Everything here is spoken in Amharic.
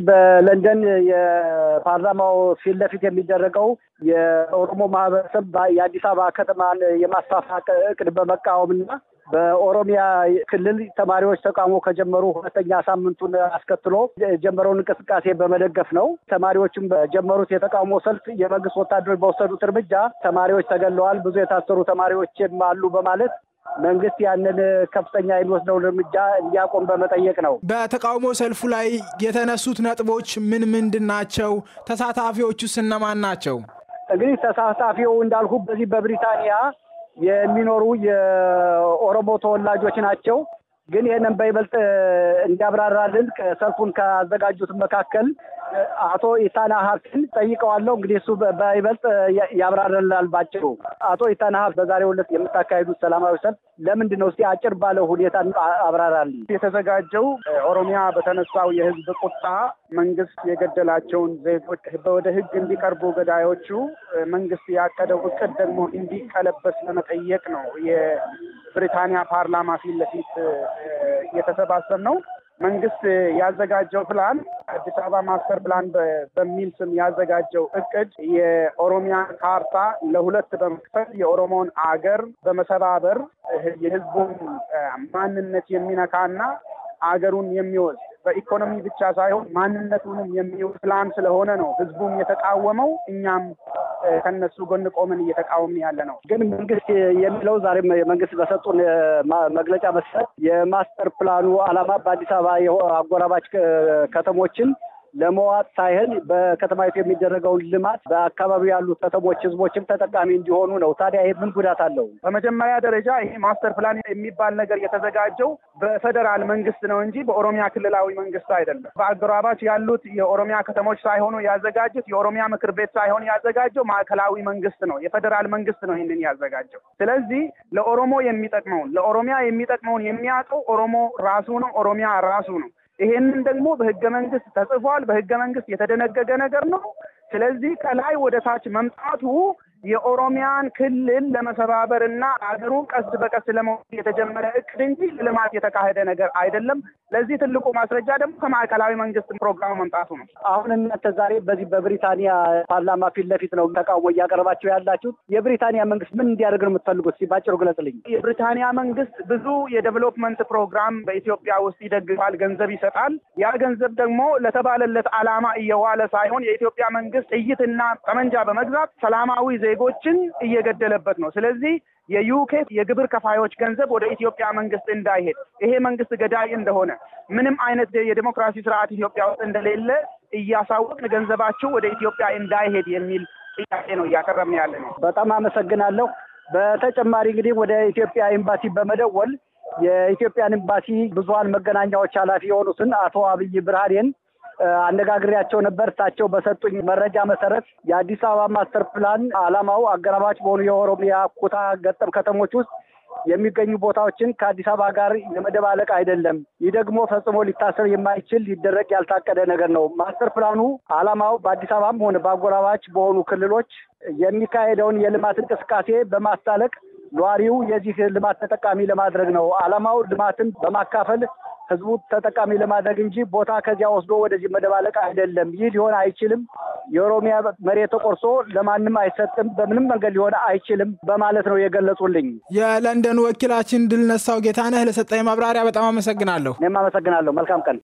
እንግዲህ በለንደን የፓርላማው ፊት ለፊት የሚደረገው የኦሮሞ ማህበረሰብ የአዲስ አበባ ከተማን የማስፋፋት እቅድ በመቃወም ና በኦሮሚያ ክልል ተማሪዎች ተቃውሞ ከጀመሩ ሁለተኛ ሳምንቱን አስከትሎ የጀመረውን እንቅስቃሴ በመደገፍ ነው። ተማሪዎችም በጀመሩት የተቃውሞ ሰልፍ የመንግስት ወታደሮች በወሰዱት እርምጃ ተማሪዎች ተገለዋል፣ ብዙ የታሰሩ ተማሪዎችም አሉ በማለት መንግስት ያንን ከፍተኛ የሚወስደውን እርምጃ እንዲያቆም በመጠየቅ ነው። በተቃውሞ ሰልፉ ላይ የተነሱት ነጥቦች ምን ምንድን ናቸው? ተሳታፊዎቹስ እነማን ናቸው? እንግዲህ ተሳታፊው እንዳልኩ በዚህ በብሪታንያ የሚኖሩ የኦሮሞ ተወላጆች ናቸው። ግን ይህንን በይበልጥ እንዲያብራራልን ሰልፉን ካዘጋጁት መካከል አቶ ኢታና ሀብትን ጠይቀዋለሁ። እንግዲህ እሱ በይበልጥ ያብራረላል ባጭሩ። አቶ ኢታና ሀብት በዛሬው ዕለት የምታካሄዱት ሰላማዊ ሰልፍ ለምንድን ነው? እስቲ አጭር ባለው ሁኔታ አብራራልኝ። የተዘጋጀው ኦሮሚያ በተነሳው የህዝብ ቁጣ መንግስት የገደላቸውን ዜጎች ወደ ህግ እንዲቀርቡ ገዳዮቹ መንግስት ያቀደው እቅድ ደግሞ እንዲቀለበስ ለመጠየቅ ነው። የብሪታንያ ፓርላማ ፊት ለፊት እየተሰባሰብ ነው። መንግስት ያዘጋጀው ፕላን አዲስ አበባ ማስተር ፕላን በሚል ስም ያዘጋጀው እቅድ የኦሮሚያን ካርታ ለሁለት በመክፈል የኦሮሞን አገር በመሰባበር የህዝቡን ማንነት የሚነካና አገሩን የሚወስድ በኢኮኖሚ ብቻ ሳይሆን ማንነቱንም የሚውል ፕላን ስለሆነ ነው ህዝቡም የተቃወመው፣ እኛም ከነሱ ጎን ቆመን እየተቃወምን ያለ ነው። ግን መንግስት የሚለው ዛሬ መንግስት በሰጡን መግለጫ መሰረት የማስተር ፕላኑ አላማ በአዲስ አበባ አጎራባች ከተሞችን ለመዋጥ ሳይሆን በከተማይቱ የሚደረገውን ልማት በአካባቢው ያሉ ከተሞች ህዝቦችም ተጠቃሚ እንዲሆኑ ነው። ታዲያ ይሄ ምን ጉዳት አለው? በመጀመሪያ ደረጃ ይሄ ማስተር ፕላን የሚባል ነገር የተዘጋጀው በፌዴራል መንግስት ነው እንጂ በኦሮሚያ ክልላዊ መንግስት አይደለም። በአጎራባች ያሉት የኦሮሚያ ከተሞች ሳይሆኑ ያዘጋጁት፣ የኦሮሚያ ምክር ቤት ሳይሆን ያዘጋጀው ማዕከላዊ መንግስት ነው፣ የፌዴራል መንግስት ነው ይህንን ያዘጋጀው። ስለዚህ ለኦሮሞ የሚጠቅመውን ለኦሮሚያ የሚጠቅመውን የሚያውቀው ኦሮሞ ራሱ ነው፣ ኦሮሚያ ራሱ ነው። ይሄንን ደግሞ በህገ መንግስት ተጽፏል፣ በህገ መንግስት የተደነገገ ነገር ነው። ስለዚህ ከላይ ወደ ታች መምጣቱ የኦሮሚያን ክልል ለመሰባበር እና ሀገሩን ቀስ በቀስ ለመውሰድ የተጀመረ እቅድ እንጂ ልማት የተካሄደ ነገር አይደለም። ለዚህ ትልቁ ማስረጃ ደግሞ ከማዕከላዊ መንግስት ፕሮግራሙ መምጣቱ ነው። አሁን እናንተ ዛሬ በዚህ በብሪታንያ ፓርላማ ፊት ለፊት ነው ተቃውሞ እያቀረባቸው ያላችሁት። የብሪታንያ መንግስት ምን እንዲያደርግ ነው የምትፈልጉት? ባጭሩ ግለጽልኝ። የብሪታንያ መንግስት ብዙ የዴቨሎፕመንት ፕሮግራም በኢትዮጵያ ውስጥ ይደግፋል፣ ገንዘብ ይሰጣል። ያ ገንዘብ ደግሞ ለተባለለት አላማ እየዋለ ሳይሆን የኢትዮጵያ መንግስት ጥይትና ጠመንጃ በመግዛት ሰላማዊ ዜጎችን እየገደለበት ነው። ስለዚህ የዩኬ የግብር ከፋዮች ገንዘብ ወደ ኢትዮጵያ መንግስት እንዳይሄድ ይሄ መንግስት ገዳይ እንደሆነ ምንም አይነት የዲሞክራሲ ስርዓት ኢትዮጵያ ውስጥ እንደሌለ እያሳወቅን ገንዘባችሁ ወደ ኢትዮጵያ እንዳይሄድ የሚል ጥያቄ ነው እያቀረብን ያለ ነው። በጣም አመሰግናለሁ። በተጨማሪ እንግዲህ ወደ ኢትዮጵያ ኤምባሲ በመደወል የኢትዮጵያን ኤምባሲ ብዙሀን መገናኛዎች ኃላፊ የሆኑትን አቶ አብይ ብርሃኔን አነጋግሬያቸው ነበር። እሳቸው በሰጡኝ መረጃ መሰረት የአዲስ አበባ ማስተር ፕላን ዓላማው አገራባች በሆኑ የኦሮሚያ ኩታ ገጠም ከተሞች ውስጥ የሚገኙ ቦታዎችን ከአዲስ አበባ ጋር የመደባለቅ አይደለም። ይህ ደግሞ ፈጽሞ ሊታሰብ የማይችል ሊደረግ ያልታቀደ ነገር ነው። ማስተር ፕላኑ ዓላማው በአዲስ አበባም ሆነ በአጎራባች በሆኑ ክልሎች የሚካሄደውን የልማት እንቅስቃሴ በማስታለቅ ነዋሪው የዚህ ልማት ተጠቃሚ ለማድረግ ነው። ዓላማው ልማትን በማካፈል ህዝቡ ተጠቃሚ ለማድረግ እንጂ ቦታ ከዚያ ወስዶ ወደዚህ መደባለቅ አይደለም። ይህ ሊሆን አይችልም። የኦሮሚያ መሬት ተቆርሶ ለማንም አይሰጥም፣ በምንም መንገድ ሊሆን አይችልም በማለት ነው የገለጹልኝ። የለንደን ወኪላችን ድልነሳው ጌታነህ ለሰጠኝ ማብራሪያ በጣም አመሰግናለሁ። እኔም አመሰግናለሁ። መልካም ቀን።